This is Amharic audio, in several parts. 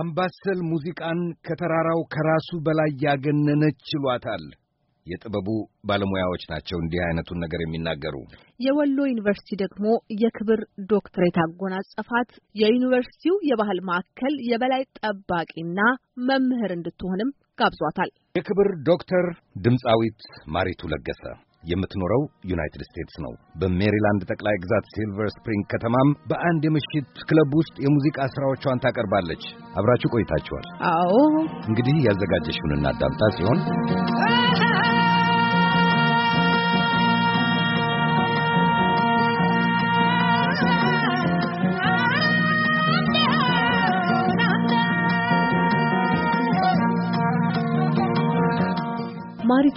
አምባሰል ሙዚቃን ከተራራው ከራሱ በላይ ያገነነች ችሏታል። የጥበቡ ባለሙያዎች ናቸው እንዲህ አይነቱን ነገር የሚናገሩ። የወሎ ዩኒቨርሲቲ ደግሞ የክብር ዶክትሬት አጎናጸፋት። የዩኒቨርሲቲው የባህል ማዕከል የበላይ ጠባቂና መምህር እንድትሆንም ጋብዟታል። የክብር ዶክተር ድምፃዊት ማሪቱ ለገሰ የምትኖረው ዩናይትድ ስቴትስ ነው። በሜሪላንድ ጠቅላይ ግዛት ሲልቨር ስፕሪንግ ከተማም በአንድ የምሽት ክለብ ውስጥ የሙዚቃ ስራዎቿን ታቀርባለች። አብራችሁ ቆይታችኋል። አዎ እንግዲህ ያዘጋጀሽውን እናዳምጣ ሲሆን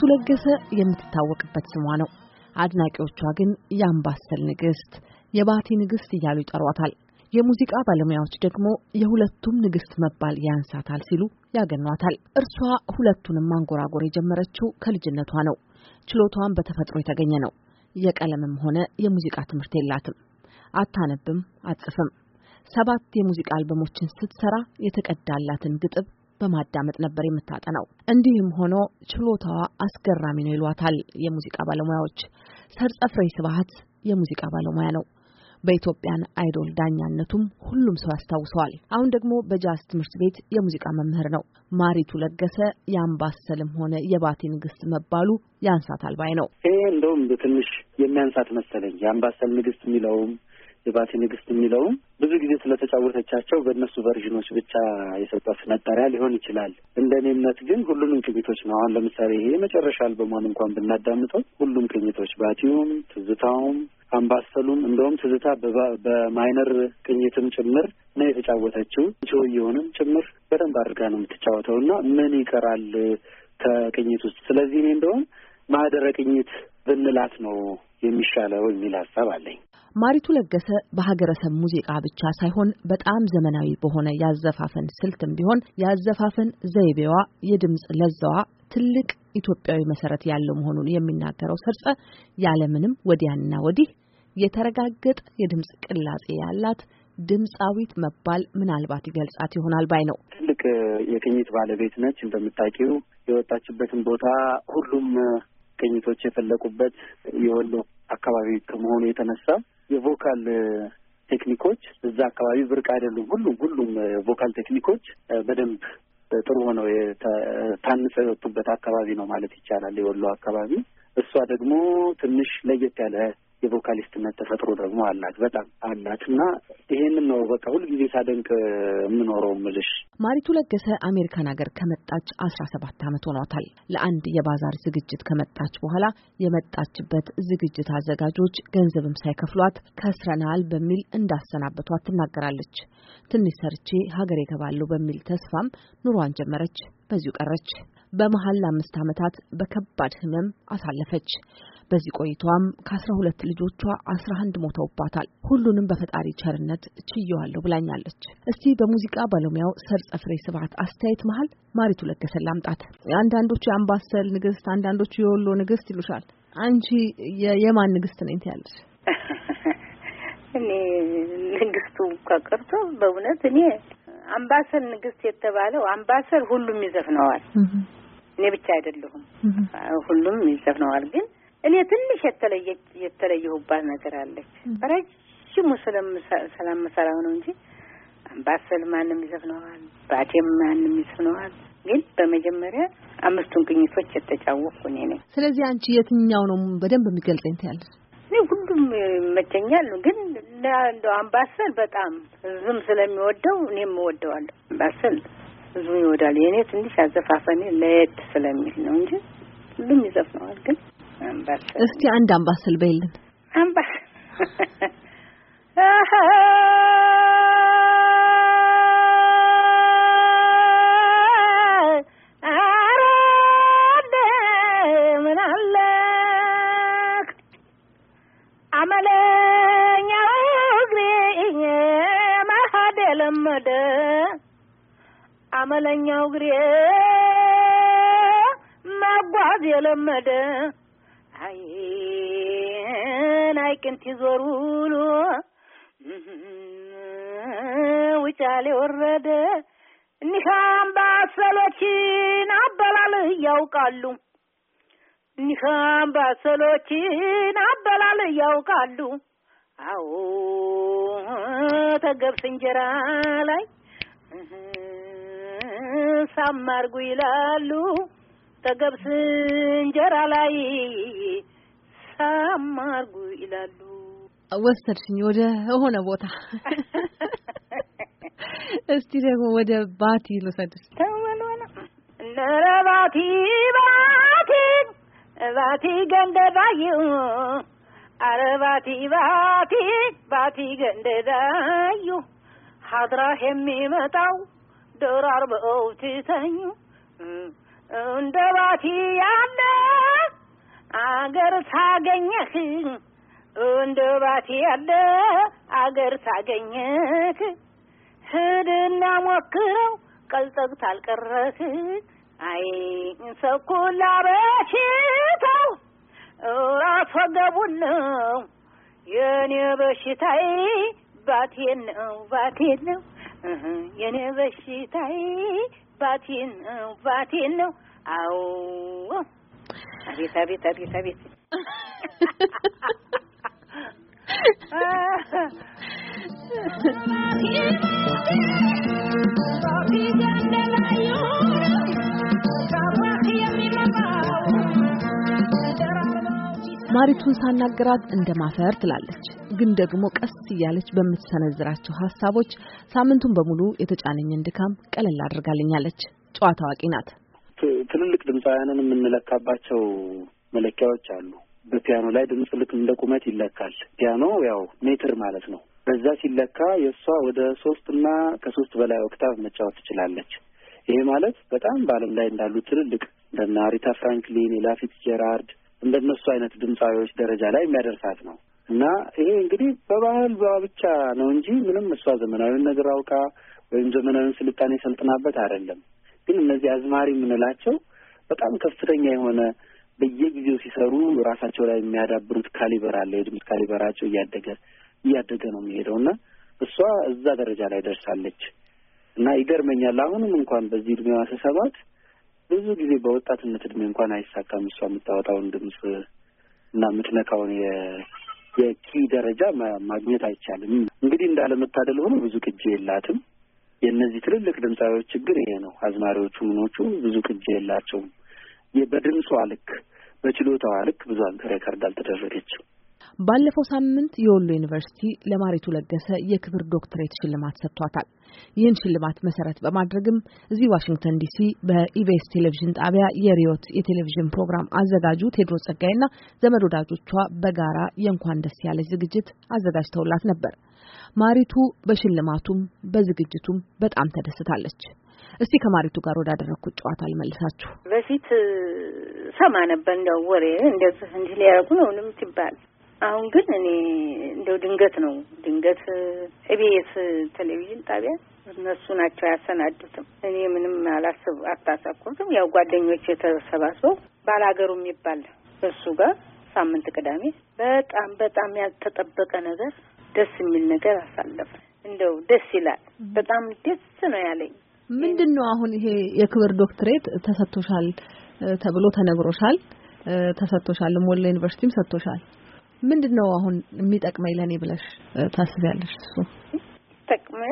ብርቱ ለገሰ የምትታወቅበት ስሟ ነው። አድናቂዎቿ ግን የአምባሰል ንግስት፣ የባቲ ንግስት እያሉ ይጠሯታል። የሙዚቃ ባለሙያዎች ደግሞ የሁለቱም ንግስት መባል ያንሳታል ሲሉ ያገኗታል። እርሷ ሁለቱንም ማንጎራጎር የጀመረችው ከልጅነቷ ነው። ችሎቷን በተፈጥሮ የተገኘ ነው። የቀለምም ሆነ የሙዚቃ ትምህርት የላትም። አታነብም፣ አትጽፍም። ሰባት የሙዚቃ አልበሞችን ስትሰራ የተቀዳላትን ግጥም በማዳመጥ ነበር የምታጠናው። እንዲህም ሆኖ ችሎታዋ አስገራሚ ነው ይሏታል የሙዚቃ ባለሙያዎች። ሰርጸፍሬ ስብሐት የሙዚቃ ባለሙያ ነው። በኢትዮጵያን አይዶል ዳኛነቱም ሁሉም ሰው ያስታውሰዋል። አሁን ደግሞ በጃዝ ትምህርት ቤት የሙዚቃ መምህር ነው። ማሪቱ ለገሰ የአምባሰልም ሆነ የባቲ ንግስት መባሉ ያንሳታል ባይ ነው። ይሄ እንደውም ትንሽ የሚያንሳት መሰለኝ የአምባሰል ንግስት የሚለውም የባቲ ንግስት የሚለውም ብዙ ጊዜ ስለተጫወተቻቸው በእነሱ ቨርዥኖች ብቻ የሰጧት መጠሪያ ሊሆን ይችላል። እንደ እኔ እምነት ግን ሁሉንም ቅኝቶች ነው። አሁን ለምሳሌ ይሄ የመጨረሻ አልበሟን እንኳን ብናዳምጠው ሁሉም ቅኝቶች ባቲውም፣ ትዝታውም፣ አምባሰሉም እንደውም ትዝታ በማይነር ቅኝትም ጭምር ነው የተጫወተችው። የሆንም ጭምር በደንብ አድርጋ ነው የምትጫወተው እና ምን ይቀራል ከቅኝት ውስጥ? ስለዚህ እኔ እንደውም ማህደረ ቅኝት ብንላት ነው የሚሻለው የሚል ሀሳብ አለኝ። ማሪቱ ለገሰ በሀገረሰብ ሙዚቃ ብቻ ሳይሆን በጣም ዘመናዊ በሆነ ያዘፋፈን ስልትም ቢሆን ያዘፋፈን ዘይቤዋ፣ የድምፅ ለዛዋ ትልቅ ኢትዮጵያዊ መሰረት ያለው መሆኑን የሚናገረው ሰርጸ ያለምንም ወዲያና ወዲህ የተረጋገጠ የድምፅ ቅላጼ ያላት ድምፃዊት መባል ምናልባት ይገልጻት ይሆናል ባይ ነው። ትልቅ የቅኝት ባለቤት ነች። እንደምታውቂው የወጣችበትን ቦታ ሁሉም ቅኝቶች የፈለቁበት የወሎ አካባቢ ከመሆኑ የተነሳ የቮካል ቴክኒኮች እዛ አካባቢ ብርቅ አይደሉም። ሁሉም ሁሉም ቮካል ቴክኒኮች በደንብ ጥሩ ሆነው ታንጸው የወጡበት አካባቢ ነው ማለት ይቻላል የወሎ አካባቢ። እሷ ደግሞ ትንሽ ለየት ያለ የቮካሊስትነት ተፈጥሮ ደግሞ አላት፣ በጣም አላት እና ይሄንን ነው በቃ ሁልጊዜ ሳደንቅ የምኖረው ምልሽ። ማሪቱ ለገሰ አሜሪካን ሀገር ከመጣች አስራ ሰባት ዓመት ሆኗታል። ለአንድ የባዛር ዝግጅት ከመጣች በኋላ የመጣችበት ዝግጅት አዘጋጆች ገንዘብም ሳይከፍሏት ከስረናል በሚል እንዳሰናበቷት ትናገራለች። ትንሽ ሰርቼ ሀገር እገባለሁ በሚል ተስፋም ኑሯን ጀመረች። በዚሁ ቀረች። በመሀል ለአምስት ዓመታት በከባድ ህመም አሳለፈች። በዚህ ቆይቷም ከአስራ ሁለት ልጆቿ አስራ አንድ ሞተውባታል። ሁሉንም በፈጣሪ ቸርነት ችየዋለሁ ብላኛለች። እስቲ በሙዚቃ ባለሙያው ሰርጸ ፍሬ ስብሐት አስተያየት መሀል ማሪቱ ለገሰ ላምጣት። አንዳንዶቹ የአምባሰል ንግስት፣ አንዳንዶቹ የወሎ ንግስት ይሉሻል። አንቺ የማን ንግስት ነኝ ትያለሽ? እኔ ንግስቱ እንኳ ቀርቶ በእውነት እኔ አምባሰል ንግስት የተባለው አምባሰል ሁሉም ይዘፍነዋል እኔ ብቻ አይደለሁም፣ ሁሉም ይዘፍነዋል። ግን እኔ ትንሽ የተለየች የተለየሁባት ነገር አለች። በረጅሙ ስለምሰራው ነው እንጂ አምባሰል ማንም ይዘፍነዋል፣ ባቴም ማንም ይዘፍነዋል። ግን በመጀመሪያ አምስቱን ቅኝቶች የተጫወቅኩ እኔ ነኝ። ስለዚህ አንቺ የትኛው ነው በደንብ የሚገልጸኝ ትያለሽ? እኔ ሁሉም ይመቸኛል። ግን እንደው አምባሰል በጣም ህዝብም ስለሚወደው እኔም እወደዋለሁ አምባሰል ህዝቡ ይወዳል። የእኔ ትንሽ አዘፋፈኔ ለየት ስለሚል ነው እንጂ ሁሉም ይዘፍነዋል። ግን አምባሰል እስቲ አንድ አምባሰል በይልን። አምባሰል አመለኛው እግሬ ማሀደ ለመደ አመለኛው ግሬ መጓዝ የለመደ አይን አይቅንት ይዞር ውሎ ውጫሌ ወረደ። እኒህ አምባሰሎችን አበላል እያውቃሉ እኒህ አምባሰሎችን አበላል እያውቃሉ። አዎ ተገብስ እንጀራ ላይ ሳማርጉ ይላሉ ተገብስ እንጀራ ላይ ሳማርጉ ይላሉ። ወሰድሽኝ ወደ ሆነ ቦታ። እስቲ ደግሞ ወደ ባቲ ልውሰድሽ። ነረ ባቲ ባቲ ባቲ ገንደ ዳዩ አረ ባቲ ባቲ ባቲ ገንደ ዳዩ ሀድራ የሚመጣው ደራርበው ትተኙ እንደ ባቲ ያለ አገር ታገኘህ እንደ ባቲ ያለ አገር ታገኘህ ሂድና ሞክረው ቀልጠግ ታልቀረህ አይ እንሰኩላ በሽታው ራስ ወገቡን ነው የኔ በሽታዬ ባቴን ነው ባቴን ነው የኔ በሽታይ ባቴን ነው ባቴን ነው። አዎ አቤት አቤት አቤት አቤት ማሪቱን ሳናገራት እንደ ማፈር ትላለች። ግን ደግሞ ቀስ እያለች በምትሰነዝራቸው ሀሳቦች ሳምንቱን በሙሉ የተጫነኝን ድካም ቀለል አድርጋልኛለች። ጨዋታ አዋቂ ናት። ትልልቅ ድምፃውያንን የምንለካባቸው መለኪያዎች አሉ። በፒያኖ ላይ ድምፅ ልክ እንደ ቁመት ይለካል። ፒያኖ ያው ሜትር ማለት ነው። በዛ ሲለካ የእሷ ወደ ሶስት እና ከሶስት በላይ ኦክታቭ መጫወት ትችላለች። ይሄ ማለት በጣም በዓለም ላይ እንዳሉ ትልልቅ እንደና አሪታ ፍራንክሊን፣ ኤላ ፊትዝጄራልድ እንደነሱ አይነት ድምፃዊዎች ደረጃ ላይ የሚያደርሳት ነው። እና ይሄ እንግዲህ በባህል ብቻ ነው እንጂ ምንም እሷ ዘመናዊን ነገር አውቃ ወይም ዘመናዊን ስልጣኔ ሰልጥናበት አይደለም። ግን እነዚህ አዝማሪ የምንላቸው በጣም ከፍተኛ የሆነ በየጊዜው ሲሰሩ ራሳቸው ላይ የሚያዳብሩት ካሊበር አለ። የድምፅ ካሊበራቸው እያደገ እያደገ ነው የሚሄደው እና እሷ እዛ ደረጃ ላይ ደርሳለች እና ይገርመኛል። አሁንም እንኳን በዚህ እድሜዋ ስሰማት ብዙ ጊዜ በወጣትነት እድሜ እንኳን አይሳካም እሷ የምታወጣውን ድምፅ እና የምትነካውን የኪ ደረጃ ማግኘት አይቻልም። እንግዲህ እንዳለመታደል ሆኖ ብዙ ቅጂ የላትም። የእነዚህ ትልልቅ ድምፃዊዎች ችግር ይሄ ነው። አዝማሪዎቹ ምኖቹ ብዙ ቅጂ የላቸውም። በድምጿ ልክ በችሎታዋ ልክ ብዙ ሬከርድ አልተደረገችም። ባለፈው ሳምንት የወሎ ዩኒቨርሲቲ ለማሪቱ ለገሰ የክብር ዶክትሬት ሽልማት ሰጥቷታል። ይህን ሽልማት መሰረት በማድረግም እዚህ ዋሽንግተን ዲሲ በኢቤስ ቴሌቪዥን ጣቢያ የሪዮት የቴሌቪዥን ፕሮግራም አዘጋጁ ቴድሮስ ጸጋይና ዘመድ ወዳጆቿ በጋራ የእንኳን ደስ ያለች ዝግጅት አዘጋጅተውላት ነበር። ማሪቱ በሽልማቱም በዝግጅቱም በጣም ተደስታለች። እስቲ ከማሪቱ ጋር ወዳደረግኩት ጨዋታ ልመልሳችሁ። በፊት ሰማ ነበር እንደው ወሬ እንደዚህ እንዲህ ሊያደርጉ ነው ምንም ሲባል አሁን ግን እኔ እንደው ድንገት ነው ድንገት ኤቢኤስ ቴሌቪዥን ጣቢያ እነሱ ናቸው አያሰናዱትም። እኔ ምንም አላስብ አታሳኩትም። ያው ጓደኞች የተሰባሰቡ ባላገሩ የሚባል እሱ ጋር ሳምንት ቅዳሜ በጣም በጣም ያልተጠበቀ ነገር ደስ የሚል ነገር አሳለፍ። እንደው ደስ ይላል። በጣም ደስ ነው ያለኝ። ምንድን ነው አሁን ይሄ የክብር ዶክትሬት ተሰጥቶሻል ተብሎ ተነግሮሻል፣ ተሰጥቶሻል። ሞላ ዩኒቨርሲቲም ሰጥቶሻል። ምንድን ነው አሁን የሚጠቅመኝ ለእኔ ብለሽ ታስቢያለሽ? እሱ ጠቅመው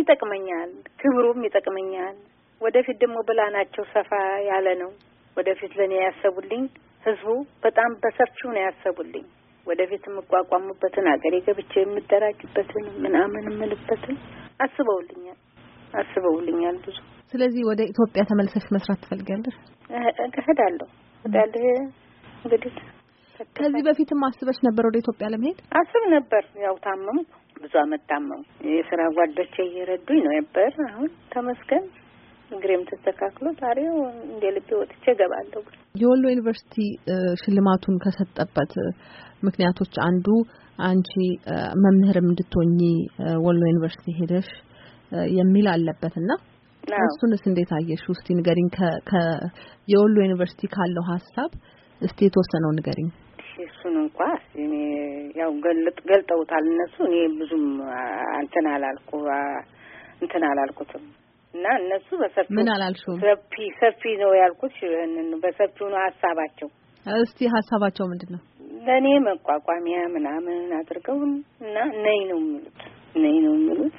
ይጠቅመኛል፣ ክብሩም ይጠቅመኛል። ወደፊት ደግሞ ብላናቸው ሰፋ ያለ ነው። ወደፊት ለእኔ ያሰቡልኝ ህዝቡ በጣም በሰፊው ነው ያሰቡልኝ። ወደፊት የምቋቋሙበትን ሀገር የገብቼ የምደራጅበትን ምናምን የምልበትን አስበውልኛል አስበውልኛል ብዙ። ስለዚህ ወደ ኢትዮጵያ ተመልሰሽ መስራት ትፈልጊያለሽ? እሄዳለሁ እሄዳለሁ እንግዲህ ከዚህ በፊትም አስበሽ ነበር ወደ ኢትዮጵያ ለመሄድ? አስብ ነበር። ያው ታመም ብዙ አመት ታመም የስራ ጓዶቼ እየረዱኝ ነው ነበር። አሁን ተመስገን እግሬም ተስተካክሎ ታሪው እንደ ልቤ ወጥቼ እገባለሁ። የወሎ ዩኒቨርሲቲ ሽልማቱን ከሰጠበት ምክንያቶች አንዱ አንቺ መምህርም እንድትሆኚ ወሎ ዩኒቨርሲቲ ሄደሽ የሚል አለበትና እሱንስ እንዴት አየሽ? እስቲ ንገሪኝ። ከ የወሎ ዩኒቨርሲቲ ካለው ሀሳብ እስቲ የተወሰነው ንገሪኝ። እሱን እንኳ እኔ ያው ገልጥ ገልጠውታል እነሱ። እኔ ብዙም እንትን አላልኩ እንትን አላልኩትም እና እነሱ በሰፊ ምን አላልሹ ሰፊ ሰፊ ነው ያልኩት። ይህንን በሰፊው ነው ሀሳባቸው። እስቲ ሀሳባቸው ምንድን ነው? ለእኔ መቋቋሚያ ምናምን አድርገው እና ነይ ነው የሚሉት ነይ ነው የሚሉት።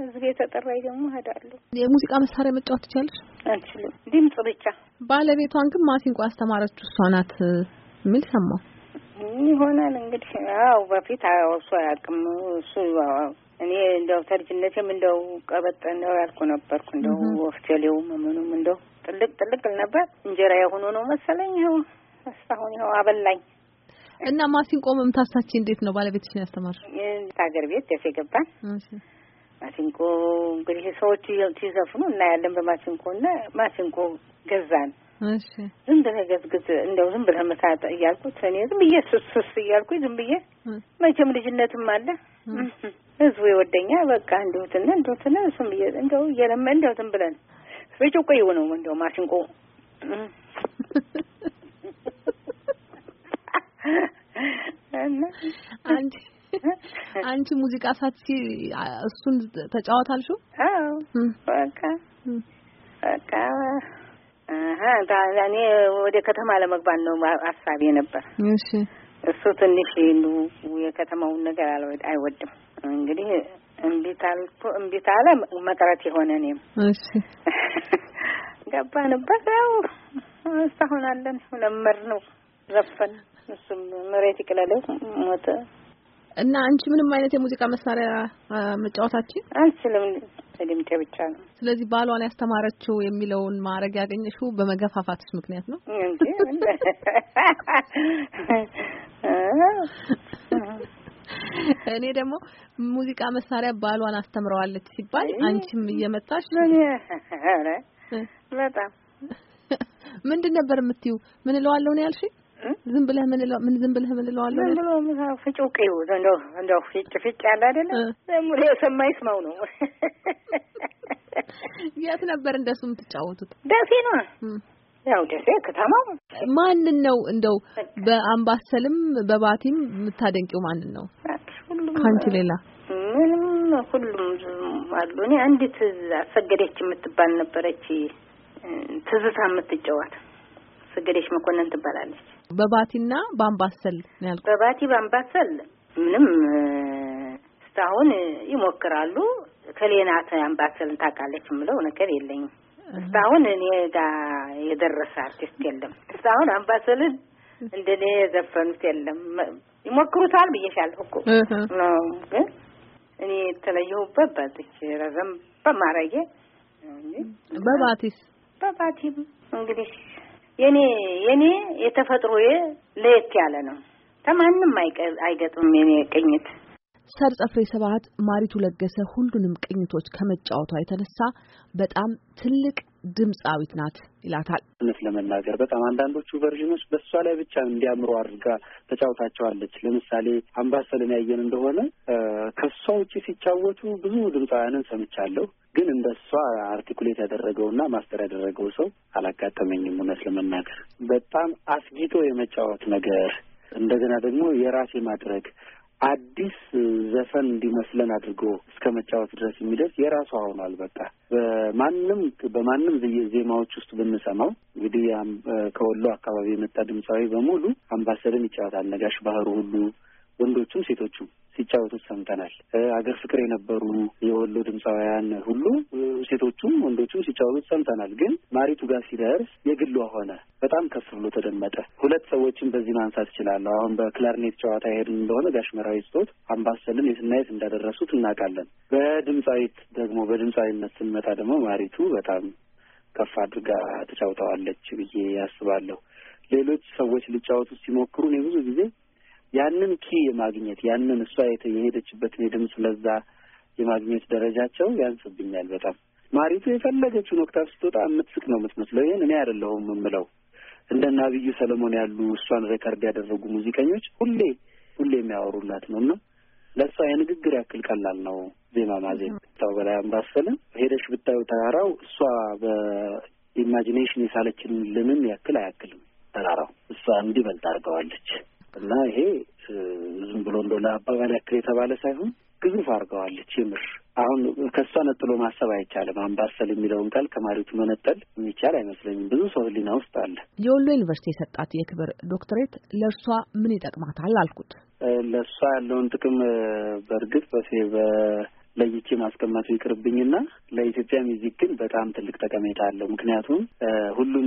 ህዝብ የተጠራኝ ደግሞ እሄዳለሁ። የሙዚቃ መሳሪያ መጫወት ትችላለሽ? አንችልም ድምጽ ብቻ። ባለቤቷን ግን ማሲንቆ አስተማረች እሷ ናት የሚል ሰማሁ። ይሆናል እንግዲህ ያው በፊት እሱ አያውቅም። እሱ እኔ እንደው ተልጅነቴም እንደው ቀበጠ እንደው ያልኩ ነበርኩ እንደው ወፍቴሌው ምኑም እንደው ጥልቅ ጥልቅ ነበር። እንጀራ የሆኖ ነው መሰለኝ። ይኸው እስካሁን ይኸው አበላኝ። እና ማሲንቆ መምታታች እንዴት ነው ባለቤትሽን ያስተማርሽ? ሀገር ቤት ደሴ ገባን። ማሲንቆ እንግዲህ ሰዎች ሲዘፍኑ እናያለን በማሲንቆ እና ማሲንቆ ገዛን እሺ ዝም ብለህ ገዝግዝ እንደው ዝም ብለህ መሳጥ እያልኩት እኔ ዝም ብዬ ስስ እያልኩኝ ዝም ብዬ መቼም ልጅነትም አለ ህዝቡ ይወደኛ በቃ እንደውትና እንደውትና ዝም ብዬ እንደው እየለመን እንደው ዝም ብለን ብጭቆ ነው እንደው ማሽንቆ አንቺ አንቺ ሙዚቃ ሳትሲ እሱን ተጫወታልሽው? አዎ በቃ በቃ እኔ ወደ ከተማ ለመግባት ነው አሳቤ ነበር። እሺ እሱ ትንሽ የከተማውን ነገር አይወድም። እንግዲህ እምቢት አለ መቅረት የሆነ እኔም ገባንበት። ያው እስካሁን አለን ለመር ነው ዘፈን እሱም መሬት ይቅለለው ሞተ እና አንቺ ምንም አይነት የሙዚቃ መሳሪያ መጫወታችን አንችልም በድምጤ ብቻ ነው። ስለዚህ ባሏን ያስተማረችው የሚለውን ማድረግ ያገኘሽው በመገፋፋትሽ ምክንያት ነው እኔ ደግሞ ሙዚቃ መሳሪያ ባሏን አስተምረዋለች ሲባል አንቺም እየመጣሽ በጣም ምንድን ነበር የምትዩ? ምን እለዋለሁ ነው ያልሽኝ? ዝም ብለህ ምን ለው ምን ዝም ብለህ ምን ለው እለዋለሁ ዝም ብሎ ፍጩቄው እንደው እንደው ፍጭ ፍጭ ያለ አይደለ ዝም ብሎ የሰማ ይስማው ነው። የት ነበር እንደሱ የምትጫወቱት? ደሴ ነው ያው ደሴ ከተማው። ማንን ነው እንደው በአምባሰልም በባቲም የምታደንቂው ማንን ነው ከአንቺ ሌላ? ምንም ሁሉም አሉ። እኔ አንዲት አሰገደች የምትባል ነበረች ትዝታ የምትጫወት አስገደሽ መኮንን ትባላለች። በባቲና ባምባሰል ነው ያልኩት። በባቲ በአምባሰል ምንም እስካሁን ይሞክራሉ። ከሌናት አምባሰልን ታውቃለች የምለው ነገር የለኝም። እስካሁን እኔ ጋር የደረሰ አርቲስት የለም። እስካሁን አምባሰልን እንደ እንደኔ የዘፈኑት የለም። ይሞክሩታል ብዬሻለሁ እኮ ነው ግን እኔ የተለየሁበት በዚች ረዘም በማረጌ በባቲስ በባቲም እንግዲህ የኔ የኔ የተፈጥሮዬ ለየት ያለ ነው። ከማንም አይገጥም የኔ ቅኝት። ሰርጸ ፍሬ ሰባት ማሪቱ ለገሰ ሁሉንም ቅኝቶች ከመጫወቷ የተነሳ በጣም ትልቅ ድምፃዊት ናት ይላታል። እውነት ለመናገር በጣም አንዳንዶቹ ቨርዥኖች በእሷ ላይ ብቻ እንዲያምሩ አድርጋ ተጫውታቸዋለች። ለምሳሌ አምባሰልን ያየን እንደሆነ ከእሷ ውጭ ሲጫወቱ ብዙ ድምፃውያንን ሰምቻለሁ። ግን እንደ እሷ አርቲኩሌት ያደረገውና ማስተር ያደረገው ሰው አላጋጠመኝም። እውነት ለመናገር በጣም አስጊጦ የመጫወት ነገር እንደገና ደግሞ የራሴ ማድረግ አዲስ ዘፈን እንዲመስለን አድርጎ እስከ መጫወት ድረስ የሚደርስ የራሱ ሆኗል። በቃ በማንም በማንም ዜማዎች ውስጥ ብንሰማው እንግዲህ ከወሎ አካባቢ የመጣ ድምፃዊ በሙሉ አምባሰልን ይጫወታል። ነጋሽ ባህሩ ሁሉ ወንዶቹም ሴቶቹም ሲጫወቱት ሰምተናል። አገር ፍቅር የነበሩ የወሎ ድምፃውያን ሁሉ ሴቶቹም ወንዶቹም ሲጫወቱት ሰምተናል። ግን ማሪቱ ጋር ሲደርስ የግሏ ሆነ፣ በጣም ከፍ ብሎ ተደመጠ። ሁለት ሰዎችን በዚህ ማንሳት እችላለሁ። አሁን በክላርኔት ጨዋታ የሄድን እንደሆነ ጋሽመራዊ ስጦት አምባሰልን የትናየት እንዳደረሱት እናውቃለን። በድምፃዊት ደግሞ በድምፃዊነት ስንመጣ ደግሞ ማሪቱ በጣም ከፍ አድርጋ ተጫውተዋለች ብዬ ያስባለሁ። ሌሎች ሰዎች ሊጫወቱት ሲሞክሩ እኔ ብዙ ጊዜ ያንን ኪ የማግኘት ያንን እሷ የሄደችበትን የድምፅ ለዛ የማግኘት ደረጃቸው ያንስብኛል በጣም። ማሪቱ የፈለገችውን ወቅታብ ስትወጣ የምትስቅ ነው የምትመስለው። ይህን እኔ አይደለሁም የምለው እንደ ነቢዩ ሰለሞን ያሉ እሷን ሬከርድ ያደረጉ ሙዚቀኞች ሁሌ ሁሌ የሚያወሩላት ነው እና ለእሷ የንግግር ያክል ቀላል ነው ዜማ ማዜም። ታው በላይ አምባሰልን ሄደሽ ብታዩ ተራራው እሷ በኢማጂኔሽን የሳለችን ልምም ያክል አያክልም ተራራው እሷ እንዲበልጥ አድርገዋለች። እና ይሄ ዝም ብሎ እንደ ለአባባል ያክል የተባለ ሳይሆን ግዙፍ አድርገዋለች። የምር አሁን ከእሷ ነጥሎ ማሰብ አይቻልም። አምባሰል የሚለውን ቃል ከማሪቱ መነጠል የሚቻል አይመስለኝም። ብዙ ሰው ህሊና ውስጥ አለ። የወሎ ዩኒቨርሲቲ የሰጣት የክብር ዶክትሬት ለእርሷ ምን ይጠቅማታል አልኩት። ለእሷ ያለውን ጥቅም በእርግጥ በ ለይቼ ማስቀመጡ ይቅርብኝና ለኢትዮጵያ ሚዚክ ግን በጣም ትልቅ ጠቀሜታ አለው። ምክንያቱም ሁሉም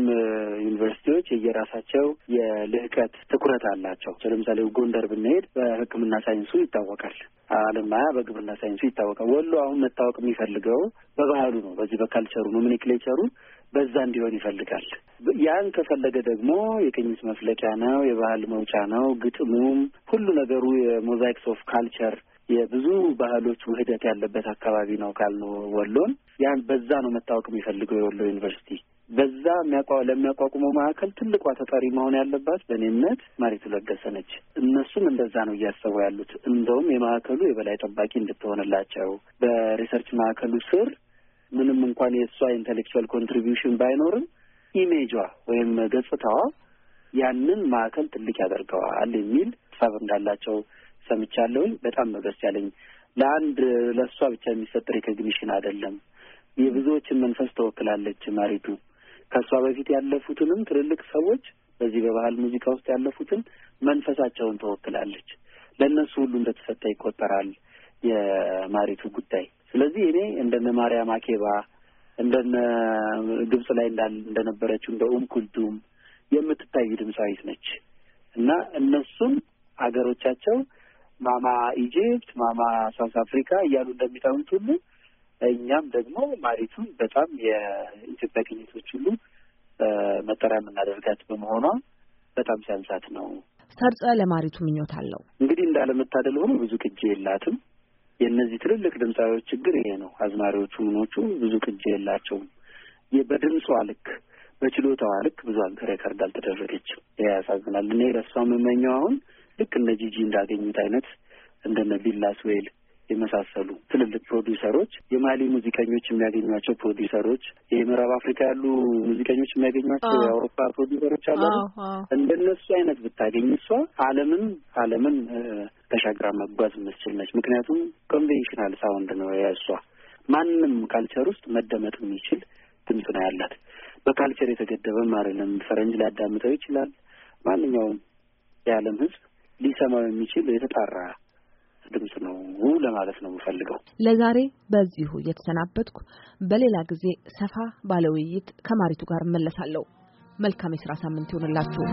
ዩኒቨርሲቲዎች የየራሳቸው የልህቀት ትኩረት አላቸው። ለምሳሌ ጎንደር ብንሄድ በሕክምና ሳይንሱ ይታወቃል። አለማያ በግብርና ሳይንሱ ይታወቃል። ወሎ አሁን መታወቅ የሚፈልገው በባህሉ ነው፣ በዚህ በካልቸሩ ነው። ኖሜንክሌቸሩ በዛ እንዲሆን ይፈልጋል። ያን ከፈለገ ደግሞ የቅኝት መፍለቂያ ነው፣ የባህል መውጫ ነው። ግጥሙም ሁሉ ነገሩ የሞዛይክስ ኦፍ ካልቸር የብዙ ባህሎች ውህደት ያለበት አካባቢ ነው ካልነው ወሎን ያን በዛ ነው መታወቅ የሚፈልገው የወሎ ዩኒቨርሲቲ በዛ ለሚያቋቁመው ማዕከል ትልቋ ተጠሪ መሆን ያለባት በእኔ እምነት ማሪቱ ለገሰ ነች። እነሱም እንደዛ ነው እያሰቡ ያሉት። እንደውም የማዕከሉ የበላይ ጠባቂ እንድትሆንላቸው በሪሰርች ማዕከሉ ስር ምንም እንኳን የእሷ ኢንቴሌክቹዋል ኮንትሪቢሽን ባይኖርም ኢሜጇ ወይም ገጽታዋ ያንን ማዕከል ትልቅ ያደርገዋል የሚል ሀሳብ እንዳላቸው ሰምቻለሁኝ። በጣም ነው ደስ ያለኝ። ለአንድ ለእሷ ብቻ የሚሰጥ ሪኮግኒሽን አይደለም። የብዙዎችን መንፈስ ተወክላለች ማሪቱ። ከእሷ በፊት ያለፉትንም ትልልቅ ሰዎች በዚህ በባህል ሙዚቃ ውስጥ ያለፉትን መንፈሳቸውን ተወክላለች። ለእነሱ ሁሉ እንደተሰጠ ይቆጠራል የማሪቱ ጉዳይ። ስለዚህ እኔ እንደነ ማርያም አኬባ እንደነ ግብጽ ላይ እንደነበረችው እንደ ኡም ኩልቱም የምትታይ ድምፃዊት ነች እና እነሱም አገሮቻቸው ማማ ኢጂፕት፣ ማማ ሳውት አፍሪካ እያሉ እንደሚታዩት ሁሉ እኛም ደግሞ ማሪቱን በጣም የኢትዮጵያ ግኝቶች ሁሉ መጠሪያ የምናደርጋት በመሆኗ በጣም ሲያንሳት ነው። ሰርጸ ለማሪቱ ምኞት አለው። እንግዲህ እንዳለመታደል ሆኖ ብዙ ቅጂ የላትም። የእነዚህ ትልልቅ ድምፃዊዎች ችግር ይሄ ነው። አዝማሪዎቹ ምኖቹ ብዙ ቅጂ የላቸውም። በድምጿ ልክ በችሎታዋ ልክ ብዙ ሀገር ሪከርድ አልተደረገችም። ያሳዝናል። እኔ ለእሷ የምመኘው አሁን ልክ እነ ጂጂ እንዳገኙት አይነት እንደነ ቢላስዌል የመሳሰሉ ትልልቅ ፕሮዲውሰሮች የማሊ ሙዚቀኞች የሚያገኟቸው ፕሮዲውሰሮች፣ የምዕራብ አፍሪካ ያሉ ሙዚቀኞች የሚያገኟቸው የአውሮፓ ፕሮዲውሰሮች አሉ። እንደነሱ አይነት ብታገኝ እሷ ዓለምን ዓለምን ተሻግራ መጓዝ የምትችል ነች። ምክንያቱም ኮንቬንሽናል ሳውንድ ነው የእሷ ማንም ካልቸር ውስጥ መደመጥ የሚችል ድምፅ ነው ያላት። በካልቸር የተገደበም አይደለም። ፈረንጅ ሊያዳምጠው ይችላል ማንኛውም የዓለም ሕዝብ ሊሰማው የሚችል የተጣራ ድምፅ ነው ለማለት ነው የምፈልገው። ለዛሬ በዚሁ እየተሰናበትኩ በሌላ ጊዜ ሰፋ ባለ ውይይት ከማሪቱ ጋር እመለሳለሁ። መልካም የስራ ሳምንት ይሆንላችሁ።